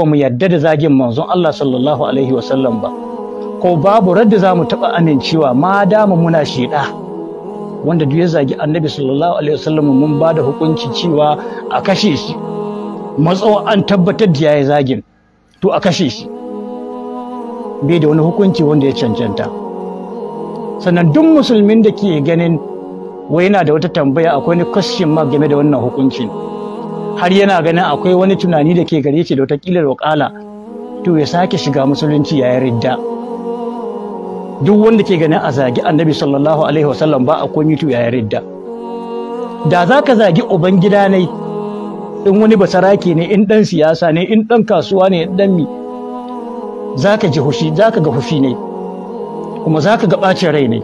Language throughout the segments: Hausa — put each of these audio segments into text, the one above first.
ba mu yadda da zagin manzon Allah sallallahu alaihi wasallam ba ko babu radda za mu taɓa amincewa ma dama muna sheda wanda duk ya zagi annabi sallallahu alaihi wasallam mun ba da hukunci cewa a kashe shi matsawa an tabbatar da yayi zagin to a kashe shi bai da wani hukunci wanda ya cancanta sannan duk musulmin da ke ganin wai yana da wata tambaya akwai ni question mark game da wannan hukuncin har yana ganin akwai wani tunani da ke gare shi da watakila wakala to ya sake shiga musulunci ya ridda duk wanda ke ganin a zagi annabi sallallahu alaihi wasallam ba a komi to ya ridda da za ka zagi ubangida ne in wani basarake ne in dan siyasa ne in dan kasuwa ne dan mi za ka ji hushi za ka ga hushi ne kuma za ka ga ɓacin rai ne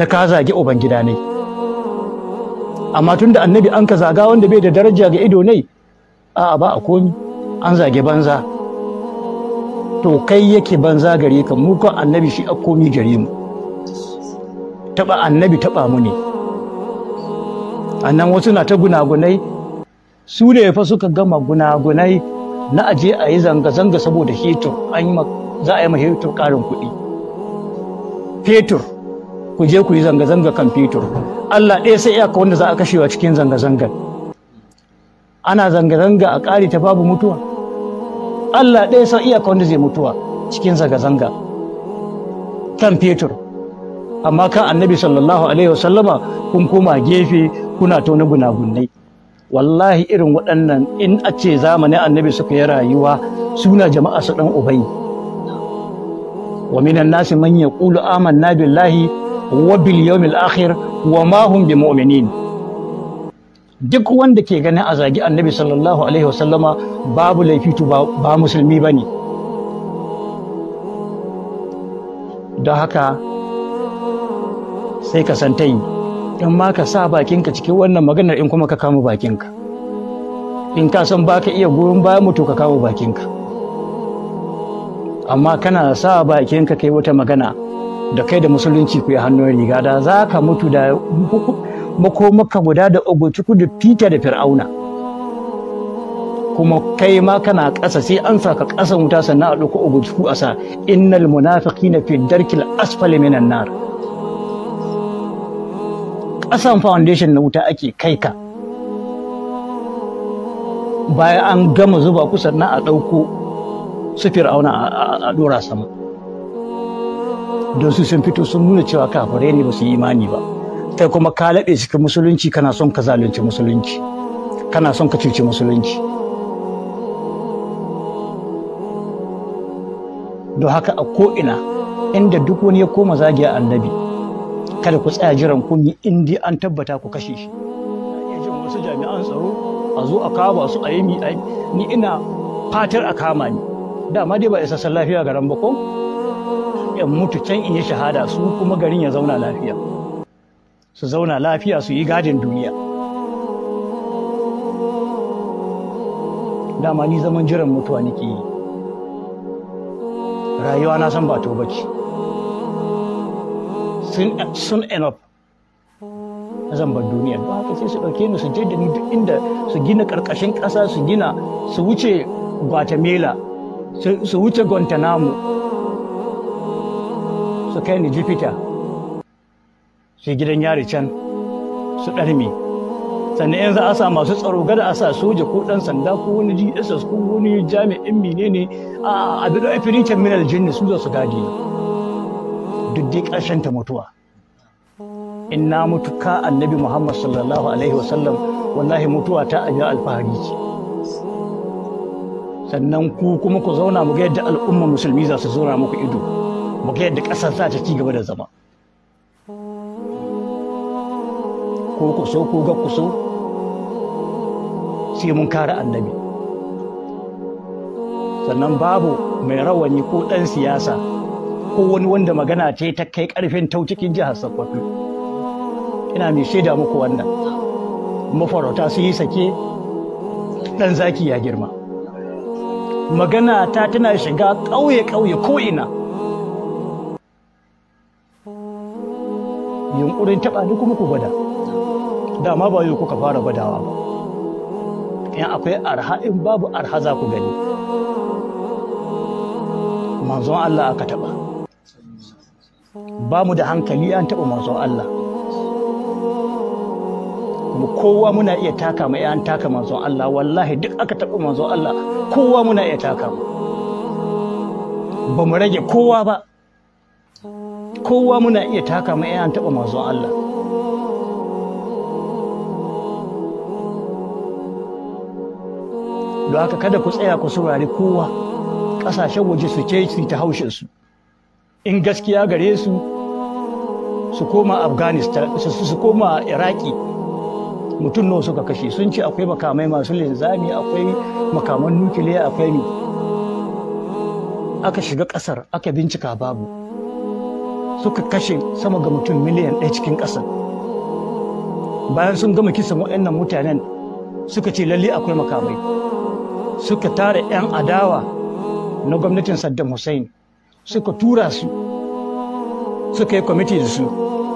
na ka zagi ubangida ne amma tun da annabi an ka zaga wanda bai da daraja ga ido nai, a'a ba a komi an zage banza to kai yake banza gare ka mu kan annabi shi a komi gare mu taba annabi taba mu ne annan wasu na ta gunagunai su ne fa suka gama gunagunai na aje a yi zanga-zanga saboda yi za a yi ma karin kuɗi fetur ku je ku yi zanga-zanga kan fetur Allah ɗaya sai iyaka wanda za a kashewa cikin zanga-zangar ana zanga-zanga a ƙari ta babu mutuwa Allah ɗaya sai iyaka wanda zai mutuwa cikin zanga-zanga kan fetur amma kan annabi sallallahu alaihi wasallama kun koma gefe kuna tona gunagunai wallahi irin waɗannan in a ce zamanin annabi suka yi rayuwa suna jama'a su ɗan ubai wa minan nasi man yaqulu amanna billahi wa bil yawmil akhir wa ma hum bi mu'minin duk wanda ke ganin a zagi annabi sallallahu alaihi wasallama babu laifi to ba musulmi bane don haka sai ka san in ma ka sa bakinka cikin wannan maganar in kuma ka kama bakinka in ka san ba ka iya goyon bayan to ka kama bakinka amma kana sa bakinka kai wata magana da kai da musulunci ku yi hannun riga da za ka mutu da makomaka guda da ogotuku da fita da fir'auna kuma kai ma kana ƙasa sai an saka ƙasan wuta sannan a ɗauko ogotuku a sa innal munafiqina fi darkil asfali minan nar ƙasan foundation na wuta ake kai ka bayan an gama zuba ku sannan a ɗauko su fir'auna a ɗora sama don su sun fito sun nuna cewa kafare ne ba su yi imani ba kai kuma ka laɓe cikin musulunci kana son ka zalunci musulunci kana son ka cuci musulunci don haka a ko'ina inda duk wani ya koma zagiya annabi kada ku tsaya jiran kunyi in an tabbata ku kashe shi jin wasu jami'an tsaro a zo a kama su a yi ni ina fatar a kama ni dama dai ba isa lafiya garan ba ko in mutu can in yi shahada su kuma garin ya zauna lafiya su zauna lafiya su yi gadin duniya dama ni zaman jiran mutuwa nake yi rayuwa na san ba to bace sun enough zan bar duniya ba haka sai su ɗauke ni su je da ni duk inda su gina ƙarƙashin ƙasa su gina su wuce guatemala su wuce guantanamo su kai ni jifita su gidan yari can su ɗarmi sannan za a sa masu tsaro gada a sa soja ko ɗan sanda ko wani dss ko wani jami'in menene a abin da afirikin minal jinni su zo su gadi duk dai ƙarshen ta mutuwa in na mutu ka annabi muhammad sallallahu alaihi wasallam wallahi mutuwa ta abin alfahari ce sannan ku kuma ku zauna mu ga yadda al'umma musulmi za su zauna muku ido mu ga yadda ƙasar za ta ci gaba da zama ko ku ko ga ku sai mun kare annabi sannan babu mai rawani ko ɗan siyasa ko wani wanda magana ce ta kai ƙarfin tau cikin jihar sakwato ina mai shaida muku wannan mafarauta su yi sake ɗan zaki ya girma magana ta tana shiga ƙauye-ƙauye ko'ina yunkurin taɓa ni kuma ku gwada dama ba yau kuka fara gwadawa ba in akwai arha in babu arha za ku gani manzon Allah aka taɓa ba mu da hankali an taɓa manzon Allah kuma kowa muna iya taka mai an taka manzon Allah wallahi duk aka taɓa manzon Allah kowa muna iya taka mu ba mu rage kowa ba kowa muna iya taka mai an taɓa manzon Allah da haka kada ku tsaya ku saurari kowa ƙasashen waje su ce su ta haushinsu in gaskiya gare su su koma afghanistan su koma iraki mutum nawa suka kashe sun ce akwai makamai masu linzami akwai makaman nukiliya akwai ne aka shiga ƙasar aka bincika babu suka kashe sama ga mutum miliyan ɗaya cikin ƙasar bayan sun gama kisan waɗannan mutanen suka ce lalle akwai makamai suka tara 'yan adawa na gwamnatin saddam hussein suka tura su suka yi kwamiti da su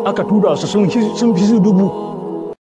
aka tura su sun fi su dubu